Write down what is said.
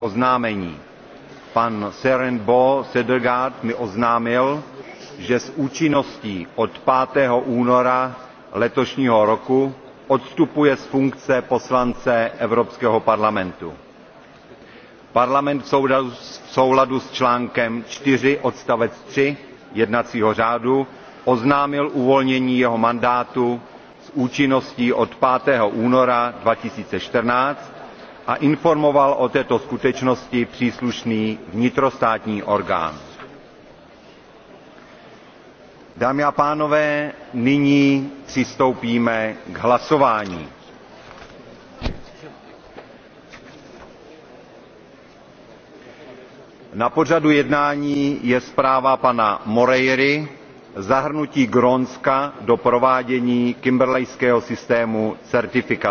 oznámení. Pan Seren Bo Sedergaard mi oznámil, že s účinností od 5. února letošního roku odstupuje z funkce poslance Evropského parlamentu. Parlament v souladu s článkem 4 odstavec 3 jednacího řádu oznámil uvolnění jeho mandátu s účinností od 5. února 2014 a informoval o této skutečnosti příslušný vnitrostátní orgán. Dámy a pánové, nyní přistoupíme k hlasování. Na pořadu jednání je zpráva pana Moreiry zahrnutí Grónska do provádění kimberlejského systému certifikace.